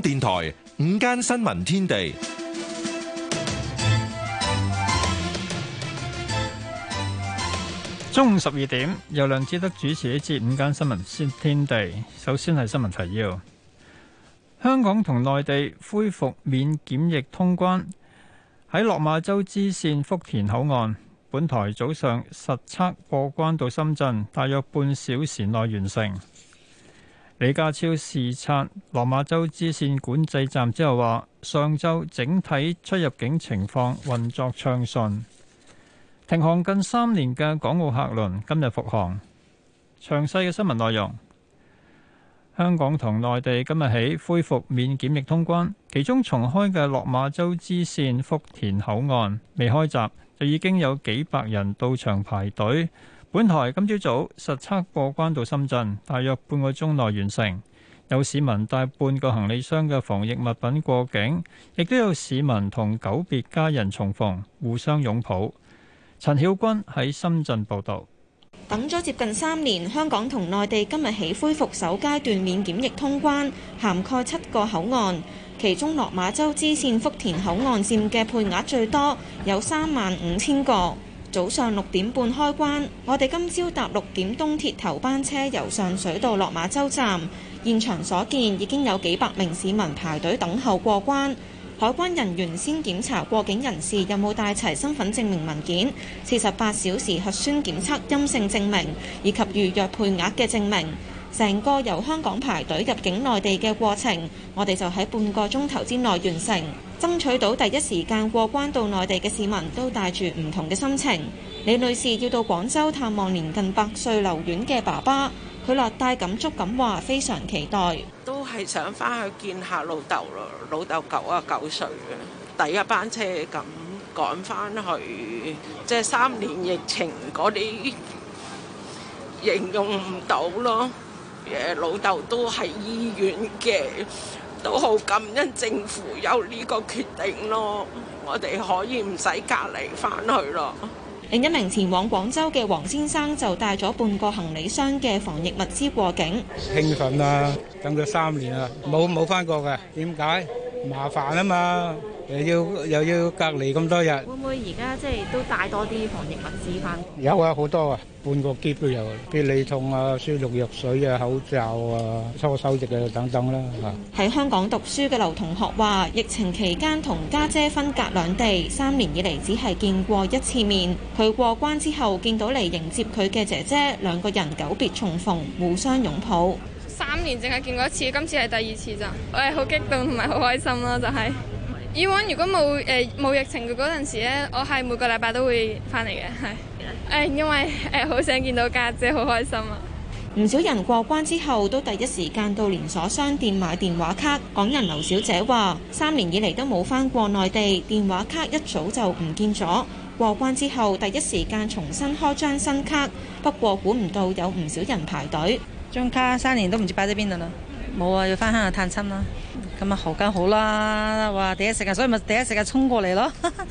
電台午間新聞天地，中午十二點由梁志德主持一節午間新聞天地。首先係新聞提要：香港同內地恢復免檢疫通關。喺落馬洲支線福田口岸，本台早上實測過關到深圳，大約半小時內完成。李家超視察落馬洲支線管制站之後，話上周整體出入境情況運作暢順，停航近三年嘅港澳客輪今日復航。詳細嘅新聞內容。香港同內地今日起恢復免檢疫通關，其中重開嘅落馬洲支線福田口岸未開閘就已經有幾百人到場排隊。本台今朝早實測過關到深圳，大約半個鐘內完成。有市民帶半個行李箱嘅防疫物品過境，亦都有市民同久別家人重逢，互相擁抱。陳曉君喺深圳報道，等咗接近三年，香港同內地今日起恢復首階段免檢疫通關，涵蓋七個口岸，其中落馬洲支線福田口岸佔嘅配額最多，有三萬五千個。早上六點半開關，我哋今朝搭六點東鐵頭班車由上水到落馬洲站。現場所見已經有幾百名市民排隊等候過關。海關人員先檢查過境人士有冇帶齊身份證明文件、四十八小時核酸檢測陰性證明以及預約配額嘅證明。成個由香港排隊入境內地嘅過程，我哋就喺半個鐘頭之內完成。爭取到第一時間過關到內地嘅市民都帶住唔同嘅心情。李女士要到廣州探望年近百歲留院嘅爸爸，佢略帶感觸咁話：非常期待，都係想翻去見下老豆咯，老豆九啊九歲嘅第一班車咁趕翻去，即係三年疫情嗰啲形容唔到咯。誒，老豆都喺醫院嘅。都好感恩政府有呢個決定咯，我哋可以唔使隔離返去咯。另一名前往廣州嘅黃先生就帶咗半個行李箱嘅防疫物資過境，興奮啊，等 咗三年啊，冇冇翻過㗎，點解？麻煩啊嘛。又要又要隔離咁多日，會唔會而家即係都帶多啲防疫物資返？有啊，好多啊，半個篋都有，必理痛啊、舒六藥水啊、口罩啊、搓手液啊等等啦、啊。喺香港讀書嘅劉同學話：疫情期間同家姐分隔兩地，三年以嚟只係見過一次面。佢過關之後，見到嚟迎接佢嘅姐姐，兩個人久別重逢，互相擁抱。三年淨係見過一次，今次係第二次咋。我係好激動，同埋好開心咯，就係、是。以往如果冇誒、呃、冇疫情嘅嗰陣時咧，我係每個禮拜都會翻嚟嘅，係。誒，因為誒好、呃、想見到家姐,姐，好開心啊！唔少人過關之後都第一時間到連鎖商店買電話卡。港人劉小姐話：三年以嚟都冇翻過內地，電話卡一早就唔見咗。過關之後第一時間重新開張新卡，不過估唔到有唔少人排隊。張卡三年都唔知擺喺邊度啦，冇啊，要翻鄉下探親啦。咁啊好梗好啦，哇第一時間啊，所以咪第一時間啊衝過嚟咯哈哈，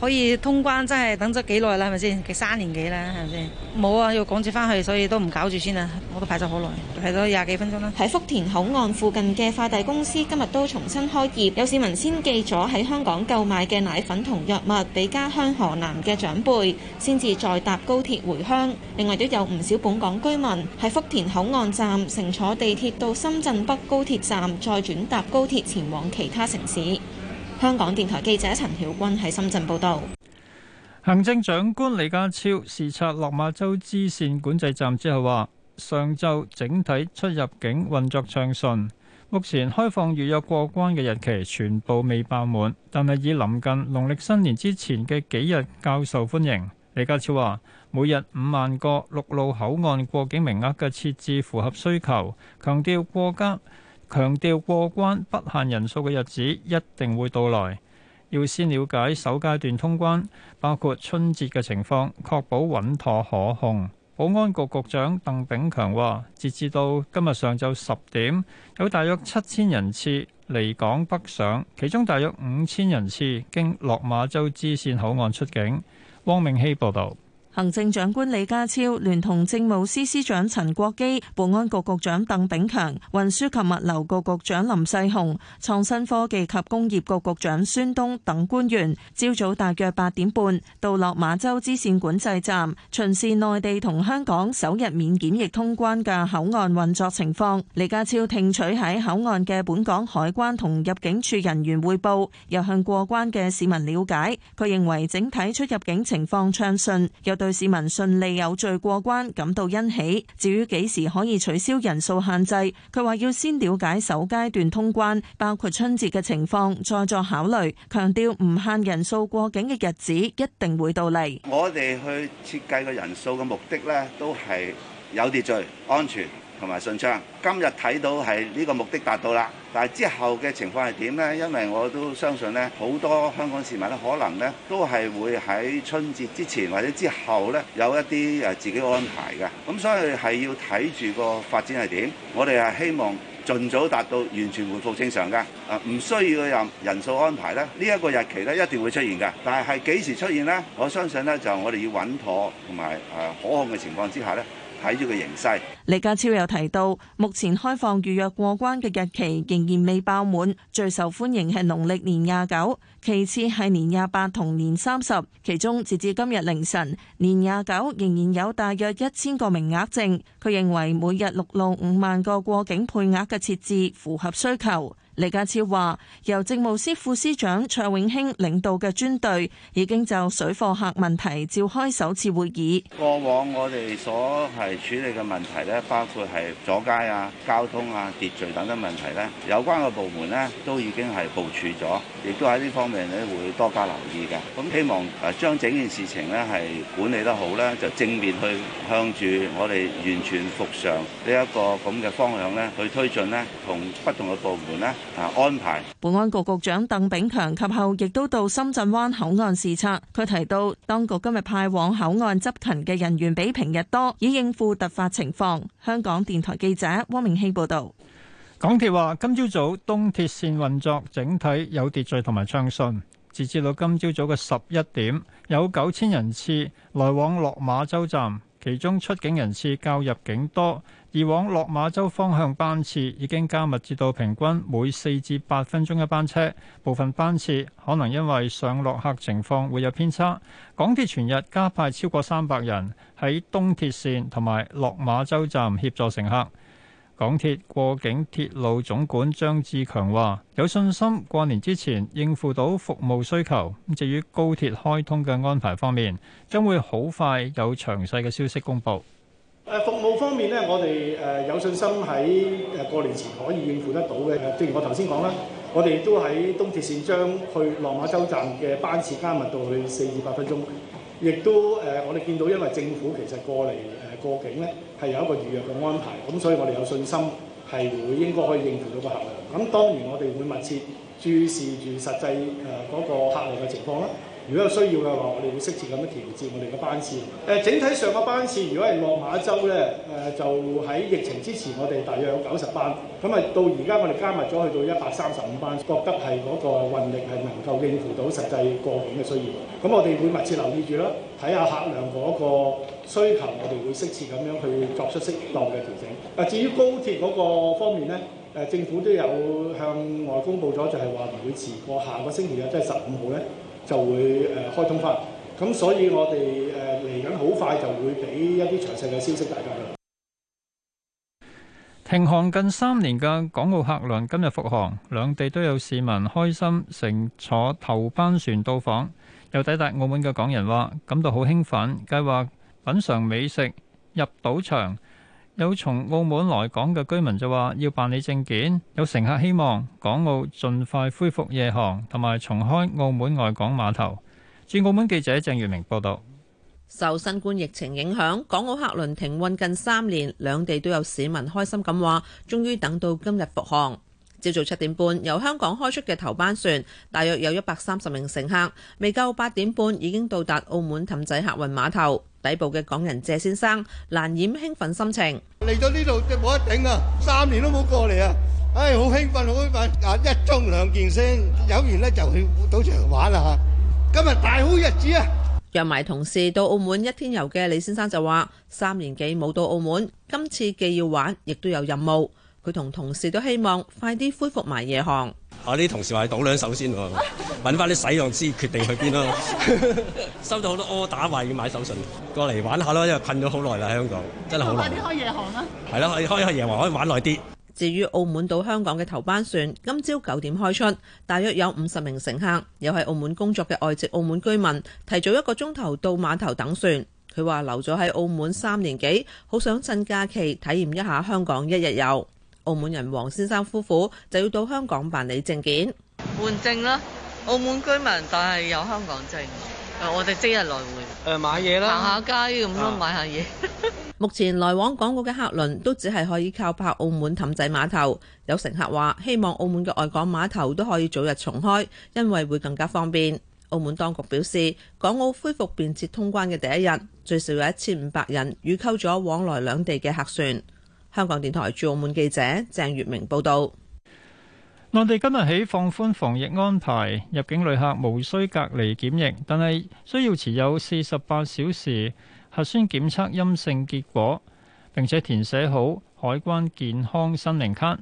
可以通關真係等咗幾耐啦，係咪先？三年幾啦，係咪先？冇啊，要趕住翻去，所以都唔搞住先啦，我都排咗好耐，排咗廿幾分鐘啦。喺福田口岸附近嘅快遞公司今日都重新開業，有市民先寄咗喺香港購買嘅奶粉同藥物俾家鄉河南嘅長輩，先至再搭高鐵回鄉。另外都有唔少本港居民喺福田口岸站乘坐地鐵到深圳北高鐵站，再轉。搭高鐵前往其他城市。香港電台記者陳曉君喺深圳報道。行政長官李家超視察落馬洲支線管制站之後話：上晝整體出入境運作暢順，目前開放預約過關嘅日期全部未爆滿，但係已臨近農曆新年之前嘅幾日較受歡迎。李家超話：每日五萬個陸路口岸過境名額嘅設置符合需求，強調過關。強調過關不限人數嘅日子一定會到來，要先了解首階段通關，包括春節嘅情況，確保穩妥可控。保安局局長鄧炳強話，截至到今日上晝十點，有大約七千人次離港北上，其中大約五千人次經落馬洲支線口岸出境。汪明希報導。行政長官李家超聯同政務司司長陳國基、保安局局長鄧炳強、運輸及物流局局長林世雄、創新科技及工業局局長孫東等官員，朝早大約八點半到落馬洲支線管制站巡視內地同香港首日免檢疫通關嘅口岸運作情況。李家超聽取喺口岸嘅本港海關同入境處人員匯報，又向過關嘅市民了解。佢認為整體出入境情況暢順，有對。對市民順利有序過關感到欣喜。至於幾時可以取消人數限制，佢話要先了解首階段通關，包括春節嘅情況，再作考慮。強調唔限人數過境嘅日子一定會到嚟。我哋去設計個人數嘅目的呢，都係有秩序、安全。同埋順暢今日睇到係呢個目的達到啦。但係之後嘅情況係點呢？因為我都相信呢，好多香港市民呢，可能呢都係會喺春節之前或者之後呢，有一啲誒自己安排嘅。咁所以係要睇住個發展係點。我哋係希望盡早達到完全回復正常嘅，啊，唔需要任人數安排咧。呢、這、一個日期呢，一定會出現嘅。但係係幾時出現呢？我相信呢，就我哋要穩妥同埋誒可控嘅情況之下呢。睇住個形勢，李家超又提到，目前開放預約過關嘅日期仍然未爆滿，最受歡迎係農曆年廿九，其次係年廿八同年三十。其中，截至今日凌晨，年廿九仍然有大約一千個名額剩，佢認為每日陸路五萬個過境配額嘅設置符合需求。李家超話，由政務司副司長卓永興領導嘅專隊已經就水貨客問題召開首次會議。過往我哋所係處理嘅問題咧，包括係阻街啊、交通啊、秩序等等問題咧，有關嘅部門咧都已經係部署咗，亦都喺呢方面咧會多加留意嘅。咁希望誒將整件事情咧係管理得好咧，就正面去向住我哋完全復常呢一個咁嘅方向咧去推進咧，同不同嘅部門咧。安排保安局局長鄧炳強及後亦都到深圳灣口岸視察。佢提到，當局今日派往口岸執勤嘅人員比平日多，以應付突發情況。香港電台記者汪明熙報道。港鐵話：今朝早東鐵線運作整體有秩序同埋暢順，截至到今朝早嘅十一點，有九千人次來往落馬洲站。其中出境人次較入境多，而往落馬洲方向班次已經加密至到平均每四至八分鐘一班車，部分班次可能因為上落客情況會有偏差。港鐵全日加派超過三百人喺東鐵線同埋落馬洲站協助乘客。港鐵過境鐵路總管張志強話：有信心過年之前應付到服務需求。咁至於高鐵開通嘅安排方面，將會好快有詳細嘅消息公布。服務方面呢，我哋誒有信心喺誒過年前可以應付得到嘅。正如我頭先講啦，我哋都喺東鐵線將去落馬洲站嘅班次加密到去四至八分鐘。亦都誒、呃，我哋見到，因為政府其實過嚟誒、呃、過境咧，係有一個預約嘅安排，咁所以我哋有信心係會應該可以應付到個客量。咁當然我哋會密切注視住實際誒嗰個客量嘅情況啦。如果有需要嘅話，我哋會適切咁樣調節我哋嘅班次。誒，整體上嘅班次，如果係落馬洲呢，誒、呃、就喺疫情之前，我哋大約有九十班。咁啊，到而家我哋加密咗去到一百三十五班，覺得係嗰個運力係能夠應付到實際過境嘅需要。咁我哋會密切留意住咯，睇下客量嗰個需求，我哋會適切咁樣去作出適當嘅調整。誒、呃，至於高鐵嗰個方面呢，誒、呃、政府都有向外公布咗，就係話唔會遲過下個星期日，即係十五號呢，就會，誒，開通翻，咁所以我哋誒嚟緊好快就會俾一啲詳細嘅消息大家啦。停航近三年嘅港澳客輪今日復航，兩地都有市民開心乘坐頭班船到訪。有抵達澳門嘅港人話：感到好興奮，計劃品嚐美食、入賭場。有從澳門來港嘅居民就話要辦理證件，有乘客希望港澳盡快恢復夜航同埋重開澳門外港碼頭。駐澳門記者鄭月明報道。受新冠疫情影響，港澳客輪停運近三年，兩地都有市民開心咁話，終於等到今日復航。朝早七點半由香港開出嘅頭班船，大約有一百三十名乘客，未夠八點半已經到達澳門氹仔客運碼頭。底部嘅港人謝先生難掩興奮心情，嚟咗呢度即係冇得頂啊！三年都冇過嚟啊！唉，好興奮，好興奮，一盅兩件先，有完咧就去賭場玩啦吓！今日大好日子啊！約埋同事到澳門一天遊嘅李先生就話：三年幾冇到澳門，今次既要玩，亦都有任務。佢同同事都希望快啲恢復埋夜航。我啲同事話賭兩手先喎。揾翻啲使用者，決定去邊咯。 收到好多柯打話要買手信，過嚟玩下咯。因為困咗好耐啦，香港真係好耐。快啲開夜航啦！係咯，可以開開夜航可以玩耐啲。至於澳門到香港嘅頭班船，今朝九點開出，大約有五十名乘客，又係澳門工作嘅外籍澳門居民，提早一個鐘頭到碼頭等船。佢話留咗喺澳門三年幾，好想趁假期體驗一下香港一日遊。澳門人黃先生夫婦就要到香港辦理證件換證啦。澳門居民，但係有香港證，我哋即日來回。誒、呃、買嘢啦，行下街咁咯，樣買下嘢。 目前來往港澳嘅客輪都只係可以靠泊澳門氹仔碼頭。有乘客話：希望澳門嘅外港碼頭都可以早日重開，因為會更加方便。澳門當局表示，港澳恢復便捷通關嘅第一日，最少有一千五百人預購咗往來兩地嘅客船。香港電台駐澳門記者鄭月明報導。內地今日起放寬防疫安排，入境旅客無需隔離檢疫，但係需要持有四十八小時核酸檢測陰性結果，並且填寫好海關健康申明卡。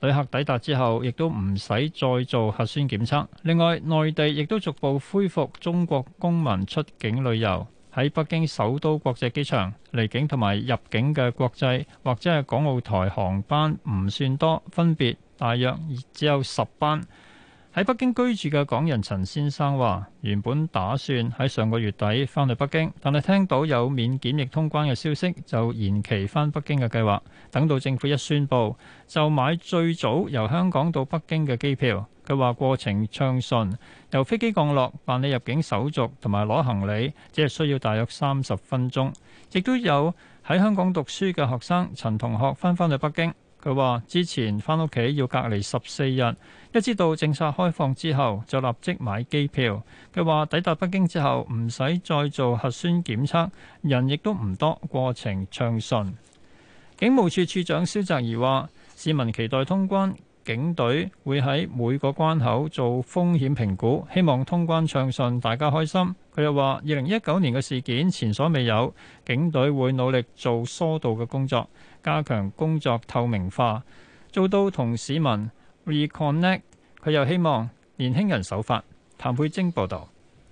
旅客抵達之後亦都唔使再做核酸檢測，另外，內地亦都逐步恢復中國公民出境旅遊，喺北京首都國際機場離境同埋入境嘅國際或者係港澳台航班唔算多，分別。大約只有十班。喺北京居住嘅港人陳先生話：原本打算喺上個月底返去北京，但係聽到有免檢疫通關嘅消息，就延期返北京嘅計劃。等到政府一宣布，就買最早由香港到北京嘅機票。佢話過程暢順，由飛機降落、辦理入境手續同埋攞行李，只係需要大約三十分鐘。亦都有喺香港讀書嘅學生陳同學返返去北京。佢話：之前返屋企要隔離十四日，一知道政策開放之後，就立即買機票。佢話：抵達北京之後，唔使再做核酸檢測，人亦都唔多，過程暢順。警務處處長蕭澤頤話：市民期待通關。警隊會喺每個關口做風險評估，希望通關暢順，大家開心。佢又話：二零一九年嘅事件前所未有，警隊會努力做疏導嘅工作，加強工作透明化，做到同市民 reconnect。佢又希望年輕人守法。譚佩晶報導。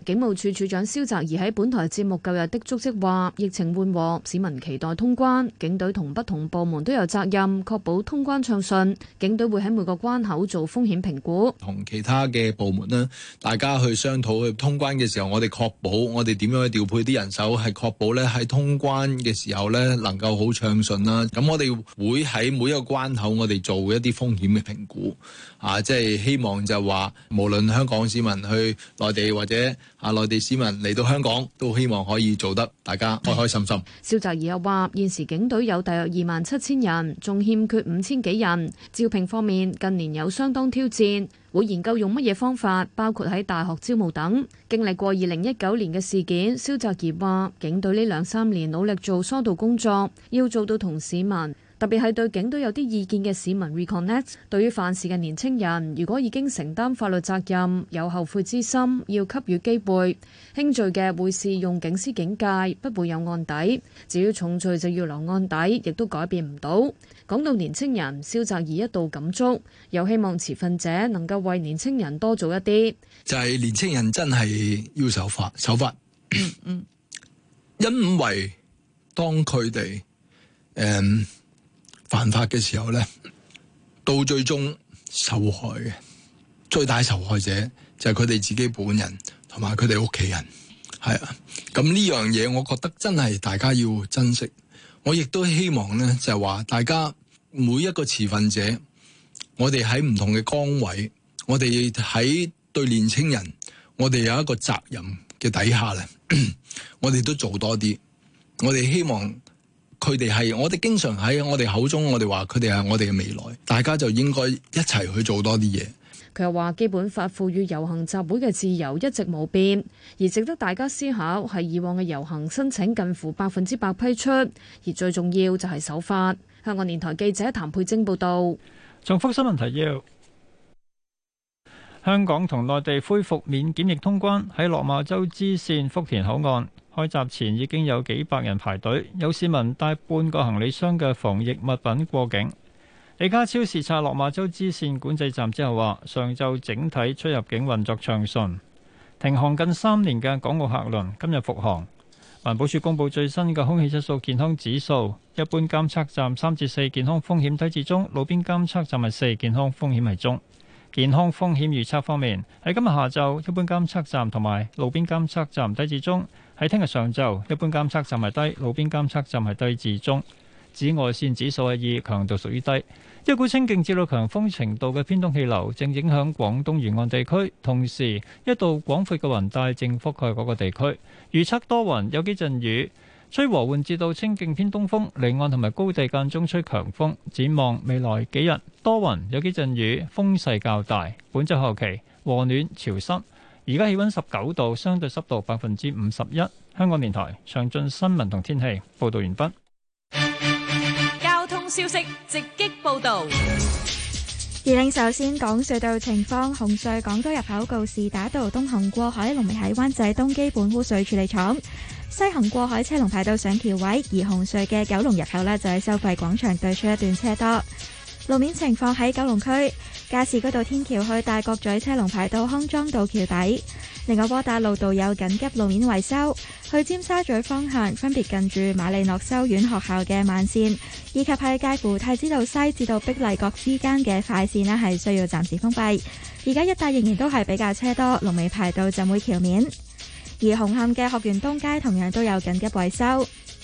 警務處處長蕭澤頤喺本台節目舊日的足跡話：疫情緩和，市民期待通關，警隊同不同部門都有責任確保通關暢順。警隊會喺每個關口做風險評估，同其他嘅部門呢，大家去商討去通關嘅時候，我哋確保我哋點樣去調配啲人手，係確保呢喺通關嘅時候呢能夠好暢順啦。咁我哋會喺每一個關口，我哋做一啲風險嘅評估，啊，即係希望就話，無論香港市民去內地或者。啊！內地市民嚟到香港，都希望可以做得大家開開心心。蕭澤頤又話：現時警隊有大約二萬七千人，仲欠缺五千幾人。招聘方面近年有相當挑戰，會研究用乜嘢方法，包括喺大學招募等。經歷過二零一九年嘅事件，蕭澤頤話警隊呢兩三年努力做疏導工作，要做到同市民，特別係對警隊有啲意見嘅市民，reconnect。對於犯事嘅年青人，如果已經承擔法律責任，有後悔之心，要給予機會。輕罪嘅會適用警司警戒，不會有案底。至於重罪就要留案底，亦都改變唔到。講到年青人，蕭澤頤一度感觸，又希望持份者能夠為年青人多做一啲。就係年青人真係要守法，守法，嗯嗯，因為當佢哋犯法嘅時候呢，到最終受害嘅最大受害者就係佢哋自己本人同埋佢哋屋企人，係啊。咁呢樣嘢，我覺得真係大家要珍惜。我亦都希望呢，就係話大家每一個持份者，我哋喺唔同嘅崗位，我哋喺對年青人，我哋有一個責任嘅底下呢，我哋都做多啲。我哋希望。佢哋係我哋經常喺我哋口中，我哋話佢哋係我哋嘅未來，大家就應該一齊去做多啲嘢。佢又話《基本法》賦予遊行集會嘅自由一直冇變，而值得大家思考係以往嘅遊行申請近乎百分之百批出，而最重要就係守法。香港電台記者譚佩晶報道。重複新聞提要：香港同內地恢復免檢疫通關，喺落馬洲支線福田口岸。開閘前已經有幾百人排隊，有市民帶半個行李箱嘅防疫物品過境。李家超視察落馬洲支線管制站之後話：上晝整體出入境運作暢順，停航近三年嘅港澳客輪今日復航。環保署公布最新嘅空氣質素健康指數，一般監測站三至四健康風險低至中，路邊監測站係四健康風險係中。健康風險預測方面喺今日下晝，一般監測站同埋路邊監測站低至中。喺聽日上晝，一般監測站係低，路邊監測站係低至中。紫外線指數係二，強度屬於低。一股清勁至到強風程度嘅偏東氣流正影響廣東沿岸地區，同時一道廣闊嘅雲帶正覆蓋嗰個地區。預測多雲，有幾陣雨，吹和緩至到清勁偏東風，離岸同埋高地間中吹強風。展望未來幾日，多雲，有幾陣雨，風勢較大。本週後期和暖潮濕。而家氣溫十九度，相對濕度百分之五十一。香港電台上進新聞同天氣報道完畢。交通消息直擊報道。而令首先講隧道情況，紅隧港島入口告士打道東行過海龍尾喺灣仔東基本污水處理廠，西行過海車龍排到上橋位；而紅隧嘅九龍入口呢，就喺收費廣場對出一段車多。路面情況喺九龍區，加士居道天橋去大角咀車龍排到康莊道橋底；另外，窩打老道有緊急路面維修，去尖沙咀方向分別近住馬利諾修院學校嘅慢線，以及係介乎太子道西至到碧麗閣之間嘅快線呢係需要暫時封閉。而家一帶仍然都係比較車多，龍尾排到浸會橋面。而紅磡嘅學園東街同樣都有緊急維修。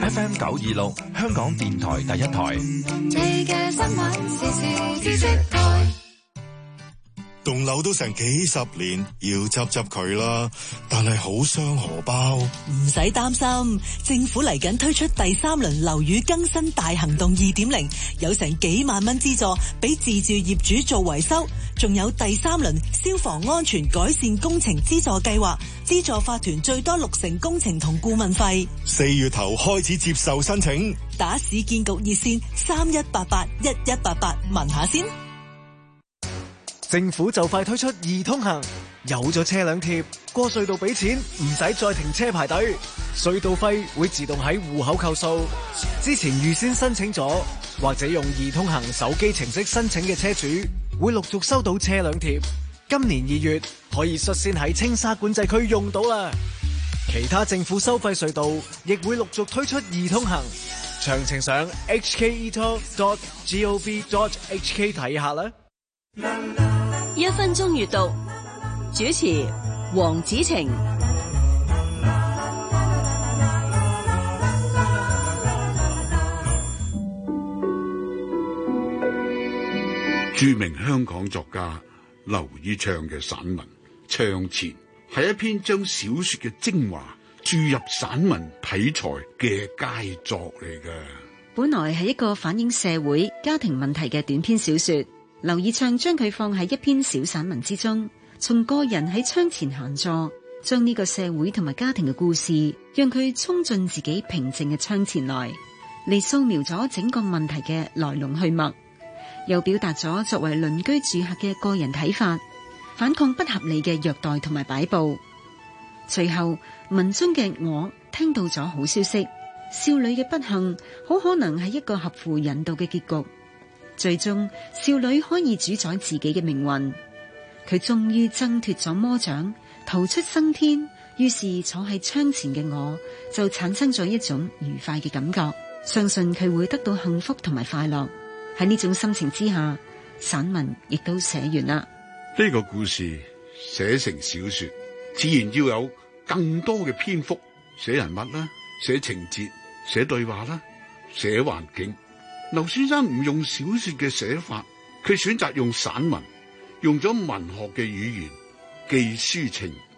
FM 九二六，香港電台第一台。仲樓都成幾十年，要執執佢啦，但係好傷荷包。唔使擔心，政府嚟緊推出第三輪樓宇更新大行動二點零，有成幾萬蚊資助俾自住業主做維修，仲有第三輪消防安全改善工程資助計劃，資助法團最多六成工程同顧問費。四月頭開始接受申請，打市建局熱線三一八八一一八八問下先。政府就快推出易通行，有咗車輛貼過隧道俾錢，唔使再停車排隊，隧道費會自動喺戶口扣數。之前預先申請咗或者用易通行手機程式申請嘅車主，會陸續收到車輛貼。今年二月可以率先喺青沙管制區用到啦。其他政府收費隧道亦會陸續推出易通行，詳情上 hketoll.gov.hk 睇下啦。 一分鐘閱讀，主持黃子晴。著名香港作家劉以鬯嘅散文《唱前》係一篇將小說嘅精華注入散文體裁嘅佳作嚟嘅。本來係一個反映社會家庭問題嘅短篇小說。劉以鬯將佢放喺一篇小散文之中，從個人喺窗前閒坐，將呢個社會同埋家庭嘅故事，讓佢衝進自己平靜嘅窗前來，嚟掃描咗整個問題嘅來龍去脈，又表達咗作為鄰居住客嘅個人睇法，反抗不合理嘅虐待同埋擺布。隨後文中嘅我聽到咗好消息，少女嘅不幸好可能係一個合乎人道嘅結局。最終少女可以主宰自己嘅命運，佢終於掙脫咗魔掌，逃出生天。於是坐喺窗前嘅我就產生咗一種愉快嘅感覺，相信佢會得到幸福同埋快樂。喺呢種心情之下，散文亦都寫完啦。呢個故事寫成小說，自然要有更多嘅篇幅，寫人物啦，寫情節，寫對話啦，寫環境。劉先生唔用小說嘅寫法，佢選擇用散文，用咗文學嘅語言記抒情。